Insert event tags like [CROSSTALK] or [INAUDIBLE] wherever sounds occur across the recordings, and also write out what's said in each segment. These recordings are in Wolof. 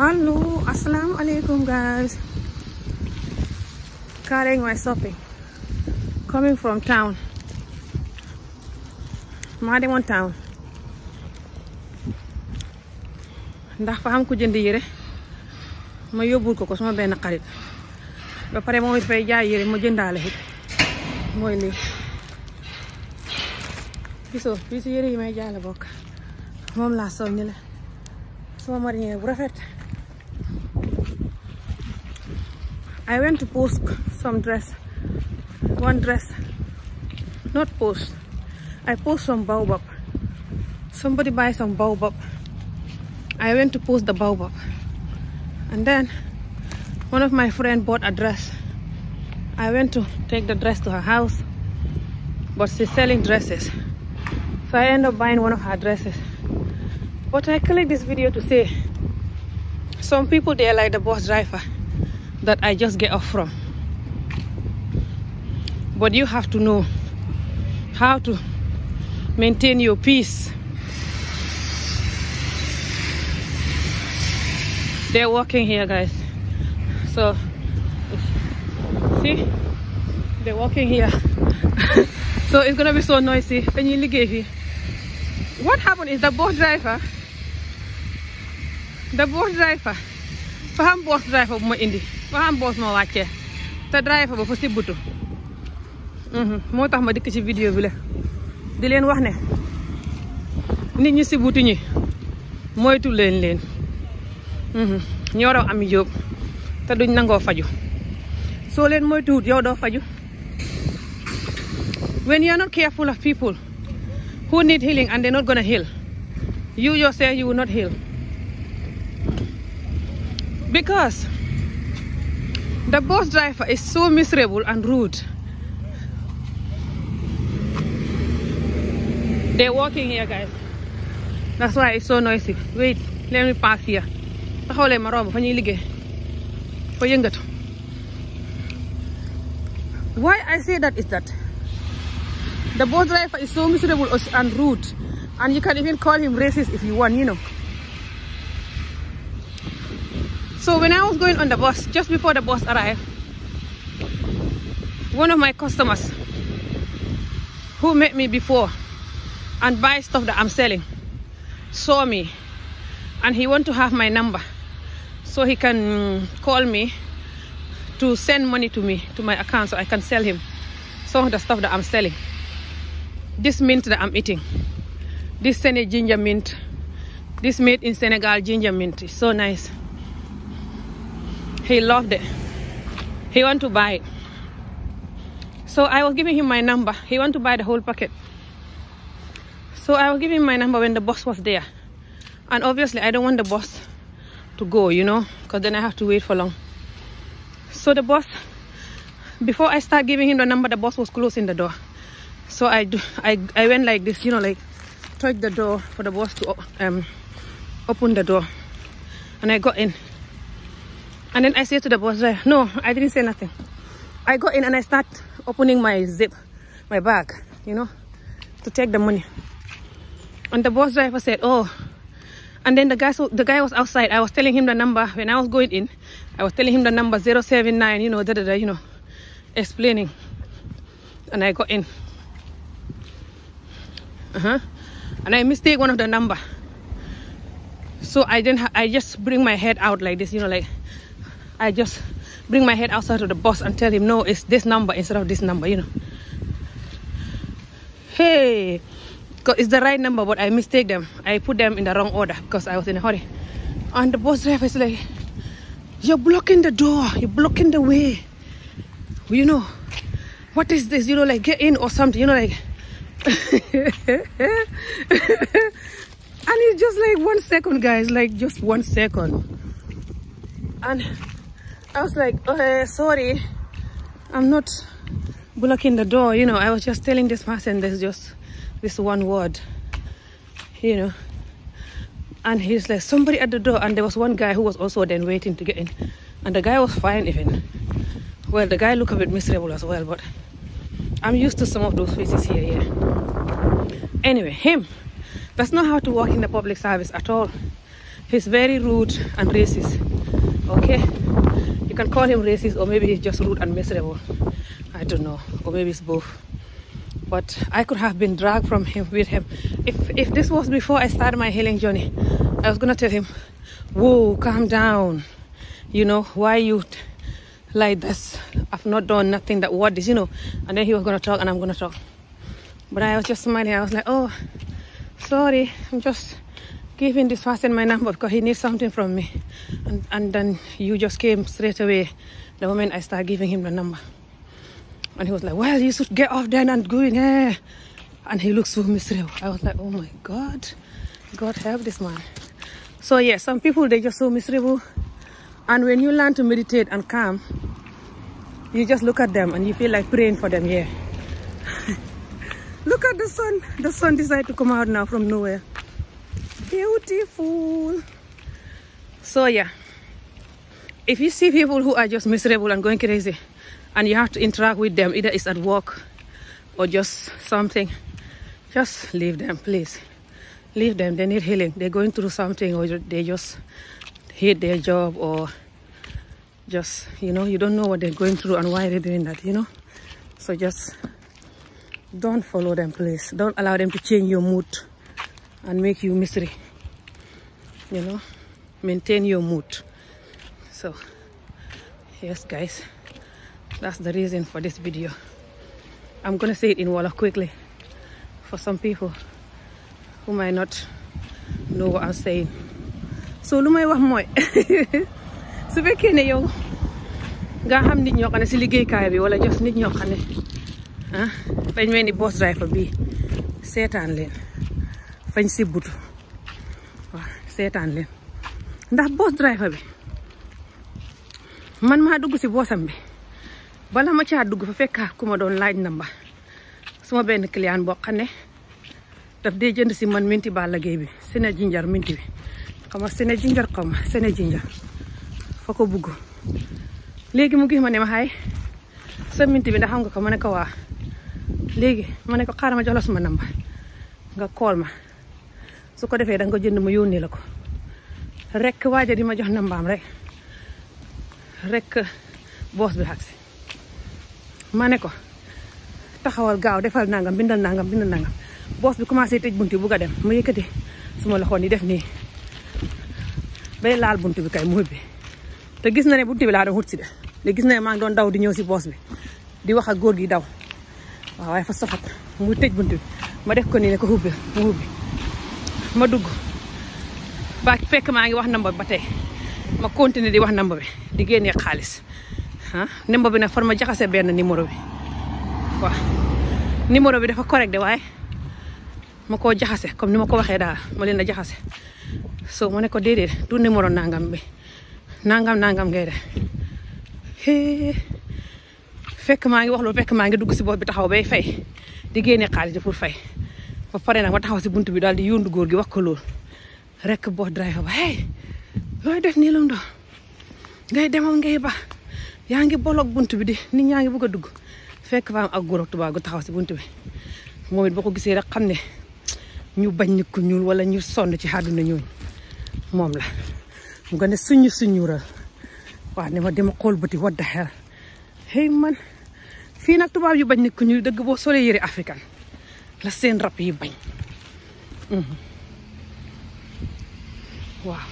hello assalamu alaikum guys carrying my shopping coming from town maa demoon town ndax fa xam ko jënd yére ma yóbbul ko ko sama benn xarit ba pare moom it fay jaay yére ma jëndaale it mooy lii gisoo fii si yére yi may jaay la bokk moom laa sol ni la sama bu rafet I went to post some dress, one dress, not post. I post some baobab. Somebody buy some baobab. I went to post the baobab. And then one of my friend bought a dress. I went to take the dress to her house, but she's selling dresses. So I end up buying one of her dresses. But I collect this video to say, some people, they're like the bus driver. that I just get off from. But you have to know how to maintain your peace. They're walking here, guys. So, see, they're walking here. [LAUGHS] so it's gonna be so noisy. What happened is the boat driver, the boat driver fa xam boos driver bu ma indi fa xam boos ma wàccee te driver ba fa sibbutu mhm. moo tax ma dikk ci vidéo bi la di leen wax ne nit ñi sibbutu moytu leen leen mhm. ñoo raw am yóob te duñ nangoo faju soo leen moytuwut yow doo faju when you are not careful of people who need healing and they're not gonna heal you yourself you will not heal because the bus driver is so miserable and rude. They're walking here, guys. That's why it's so noisy. Wait, let me pass here. taxawlee ma romb fa ñuy liggéey fa yëngatu why I say that is that the bus driver is so miserable and rude and you can even call him racist if you want So when I was going on the bus, just before the bus arrived, one of my customers who met me before and buy stuff that I'm selling saw me and he want to have my number so he can call me to send money to me to my account I can sell him some the stuff that I'm selling this mint that I'm eating this Senegal ginger mint this made in Senegal ginger mint so nice He loved it. He want to buy it. So I was giving him my number. He want to buy the whole packet. So I was giving him my number when the boss was there. And obviously I don't want the boss to go, you know, because then I have to wait for long. So the boss, before I start giving him the number, the boss was closing the door. So I, do, I, I went like this, you know, like touch the door for the boss to um, open the door. And I got in. And then I say to the boss driver, no, I didn't say nothing. I go in and I start opening my zip, my bag, you know, to take the money. And the bus driver said, oh. And then the guy, so the guy was outside. I was telling him the number. When I was going in, I was telling him the number 079, you know, da, da, da, you know, explaining. And I got in. Uh-huh. And I mistake one of the number. So I didn't, I just bring my head out like this, you know, like, I just bring my head outside of the box and tell him, no, it's this number instead of this number, you know. Hey, it's the right number, but I mistake them. I put them in the wrong order because I was in a hurry. And the bus driver is like, you're blocking the door. You're blocking the way. You know, what is this? You know, like get in or something, you know, like. [LAUGHS] and it's just like one second, guys, like just one second. And I was like, oh, sorry, I'm not blocking the door. You know, I was just telling this person there's just this one word, you know. And he's like, somebody at the door. And there was one guy who was also then waiting to get in. And the guy was fine even. Well, the guy looked a bit miserable as well, but I'm used to some of those faces here, yeah. Anyway, him does not know how to work in the public service at all. He's very rude and racist, okay? You can call him racist or maybe he's just rude and miserable. I don't know. Or maybe it's both. But I could have been dragged from him with him. If, if this was before I started my healing journey, I was going to tell him, whoa, calm down. You know, why you like this? I've not done nothing that what is, you know. And then he was going to talk and I'm going to talk. But I was just smiling. I was like, oh, sorry. I'm just give him this person my number because he needs something from me and, and then you just came straight away the moment I started giving him the number and he was like well you should get off then and go in here eh? and he looked so miserable I was like oh my God God help this man so yeah some people they're just so miserable and when you learn to meditate and calm you just look at them and you feel like praying for them yeah [LAUGHS] look at the sun the sun decided to come out now from nowhere beautiful. So yeah, if you see people who are just miserable and going crazy and you have to interact with them, either it's at work or just something, just leave them, please. Leave them, they need healing. They're going through something or they just hate their job or just, you know, you don't know going through and why they're doing you know? So just don't follow them, please. Don't allow them to change your mood and make you mystery you know maintain your mood so yes guys that's the reason for this video I'm gonna say it in Wolof quickly for some people who might not know what I'm saying so lu may wax mooy [LAUGHS] su fekkee ne yow nga xam nit ñoo xam ne si liggéeykaay bi wala jos nit ñoo xam ah dañ mel ni boss driver bi seetaan leen fañ si but waaw seetaan leen ndax boos driver bi man maa dugg si boosam bi bala ma caa dugg fa fekkaat ku ma doon laaj namba suma benn client boo xam ne daf dee jënd si man minti ba lagéey bi sene jinjar minti bi xama sene jinjar xaw jinjar fa ko bugg léegi mu gis ma ne ma xaay sa minti bi ndax xam nga ko ma ne ko waa léegi ma ne ko xaaral ma jox suma namba nga kool ma su ko defee da ko jënd mu yónnee la ko rek waaja di ma jox na mbaam rek rek boos bi xagsi ma ne ko taxawal gaaw defal nangam bindal nangam bindal nangam boos bi commencé tëj bunti bugg a dem ma yëkkati suma loxo ni def nii bay laal buntu bi kay mu ubbi te gis na ne buntu bi laa doon wut si de te gis na ne maa ngi doon daw di ñëw si boos bi di wax ak góor gi daw waaw waaye fa soxat mu tëj buntu bi ma def ko nii ne ko ubbi mu ubbi ma dugg ba fekk maa ngi wax namba ba tey ma continuer di wax namba bi di génne xaalis ah namba bi nag far ma jaxase benn numéro bi waaw numéro bi dafa correct de waaye ma koo jaxase comme ni ma ko waxee daal ma leen a jaxase so ma ne ko déedéet du numéro nangam bi nangam nangam ngay def fekk maa ngi wax loolu fekk maa ngi dugg si bopp bi taxaw bay fay di génne xaalis bi pour fay. ba pare nag ma taxaw si buntu bi daal di yóndu góor gi wax ko loolu rek boo driver ba hey looy def nii la ndox ngay demal ngay ba yaa ngi bolok buntu bi di nit ñaa ngi bëgg a dugg fekk fa am ak góor ak tubaab gu taxaw si buntu bi moom it boo ko gisee rek xam ne ñu bañ nit ñuul wala ñu sonn ci àdduna ñooñ moom la mu nga ne suñu suñuural waa dama xool bëti what the hell fii nag tubaab yu bañ nit ku dëgg boo solee yëre la seen rab yi bañ mhm. waaw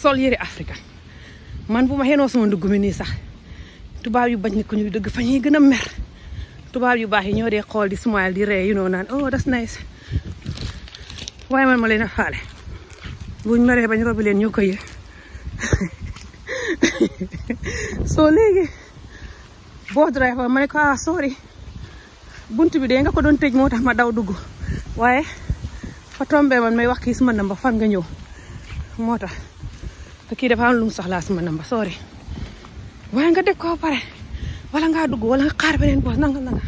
sol yére africain man bu ma xenoo sama ndugg mi nii sax tubaab yu bañ ni ko ñuy dëgg fa ñuy gën a mer tubaab yu baax yi ñoo dee xool di smile di ree yu noo naan oh that's nice waaye man ma leen a faale buñ meree bañ rab leen ñoo ko [LAUGHS] soo léegi boo driver ma ne ko ah sorry bunt bi de nga ko doon tëj moo tax ma daw dugg waaye fa tombé man may wax kii suma namba fan nga ñëw moo tax te kii dafa am lu mu soxlaa suma namba sorry waaye nga dégg ko pare wala ngaa dugg wala nga xaar beneen boos nanga nanga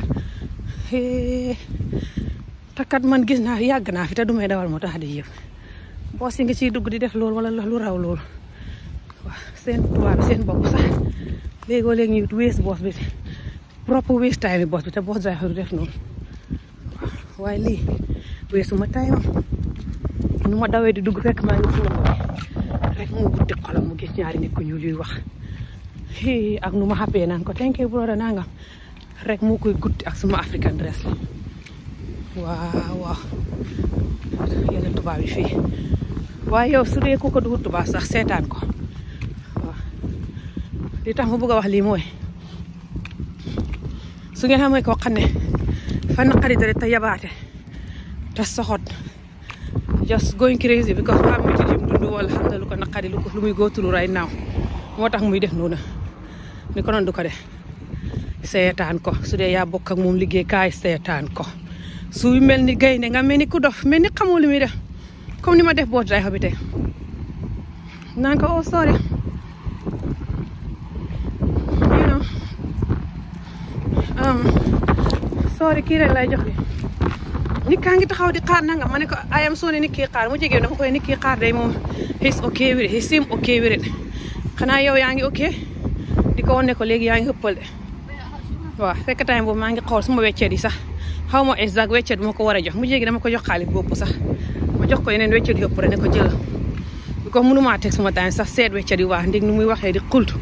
te kat man gis naa yàgg naa fi te du may dawal moo tax di yëpp boos yi nga ciy dugg di def loolu wala lu raw loolu waaw seen tubaab seen bopp sax léegoo léegi ñu wees boos bi. proper waist time bi bi te boos dry xaru def noonu waaye lii weesu ma nu ma dawee di dugg rek maa ngi ci nangu rek mu buddi xolam mu gis ñaari nit ku ñuul yuy wax hii ak nu ma xàppee naan ko thank you brother nangam rek moo koy gutti ak suma african dress la waaw waaw waaye yow su dee ku ko dugut tubaab sax seetaan ko li tax ma bëgg a wax lii mooy su ngeen xamee koo xam ne fa naqari dara te yabaate te soxot just going crazy because am na ci lim dund wala xam nga lu ko naqari lu ko lu muy góotulu right now moo tax muy def noonu ni ko noonu du ko def seetaan ko su dee yaa bokk ak mu liggéey kaay seetaan ko su mel ni gaynde nga mel ni ku dof mel ni xamoo lu muy def comme ni ma def boot day xobite naan ko oh sorry soori kii lay jox ni nit ngi taxaw di xaar nangam ma ne ko ayam soone nit kii xaar mu jege dama koy nit kii xaar day moom his ok wéret his sim ok wéret xanaa yow yaa ngi ok di ko wan léegi yaa ngi ëppal de waaw fekk time boobu maa ngi xool suma weccet yi sax xaw ma exact weccet moo ko war a jox mu jege dama ko jox xaalis bopp sax moo jox ko yeneen weccet yëpp rek ne ko jël bi ko mënumaa teg suma time sax seet weccet yi waa ndig nu muy waxee di xultu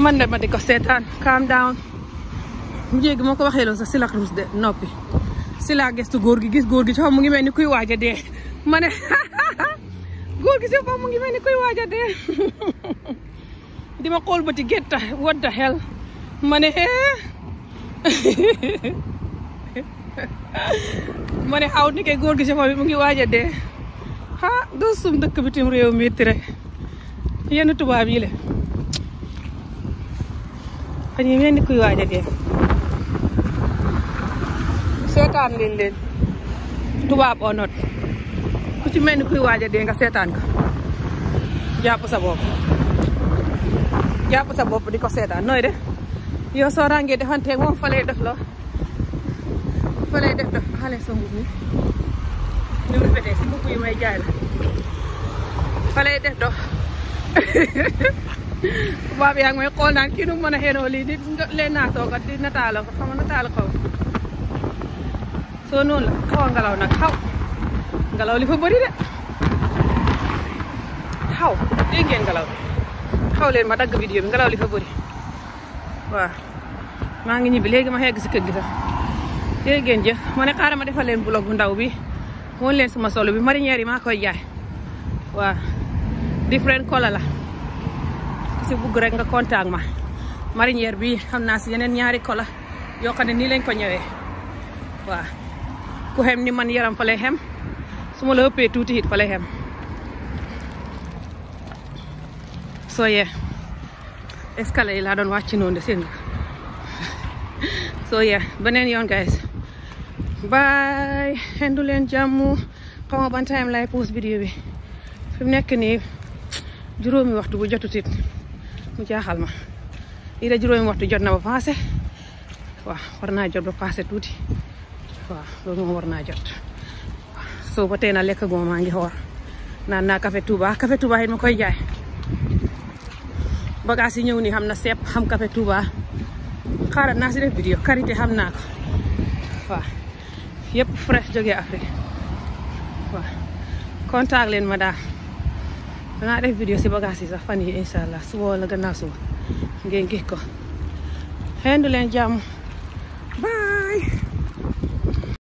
man de ma di ko seetaan calm down mu jéegi moo ko waxee loolu sax si la ruus de noppi si la gestu góor gi gis góor gi ci mu ngi mel ni kuy waaj a dee ma ne [LAUGHS] gi si mu ngi mel kuy waaj a [LAUGHS] ma xool ba ti getta ne ma ne [LAUGHS] góor gi si bi mu ngi waaj a dee ah doo sum dëkk bitim réew mi tire yenn tubaab yi xëy na mel ni kuy waaj a seetaan leen leen tubaab or ku ci mel ni kuy waaj a nga seetaan ko jàpp sa bopp jàpp sa bopp di ko seetaan nooy de yow soo ràngee defanteeg moom fa lay def loo fa lay def def xale sa mbub mu fetee si mbub yi may jaay la fa lay def [LAUGHS] tubaab yaa ngi may xool kii nu mën a xeenoo leen naa toog di nataala ko xam nataala xaw soo noonu la xaw a ngelaw nag xaw ngelaw li fa bëri de xaw dégg ngeen ngelaw bi leen ma dagg vidéo bi ngelaw li fa bëri waaw maa ngi ñibbi léegi ma xegg si kër gi sax dégg ma ne xaaral ma defal leen blog bu ndaw bi woon leen suma solo bi marinière yi maa koy jaay waaw different color la si bugg rek nga contact ma marinière bi xam naa si yeneen ñaari kola yoo xam ne nii lañ ko ñëwee waaw ko xem ni man yaram fa lay xem su ma la ëppee tuuti it fa lay xem soo yee escalier yi laa doon wàcc noonu de seen soo [LAUGHS] yee beneen yoon guys bye xendu leen jàmm xaw ma ban time lay post vidéo bi fi mu nekk nii juróomi waxtu bu jotutit mu jaaxal ma lii da juróomi waxtu jot na ba passé waaw war naa jot ba passé tuuti waaw loolu war naa jot soo ba tey na lekk guma maa ngi xoor naan naa café Touba café Touba it ma koy jaay bagages yi ñëw nii xam na sepp xam café Touba xaaral naa si def vidéo karité xam naa waaw yëpp fresh jógee Afrique waaw kontaan leen ma daal danaa def vidéo si bagage yi sax fan yi incha allah suba wala gannaaw suba ngeen gis ko xendu leen jàmm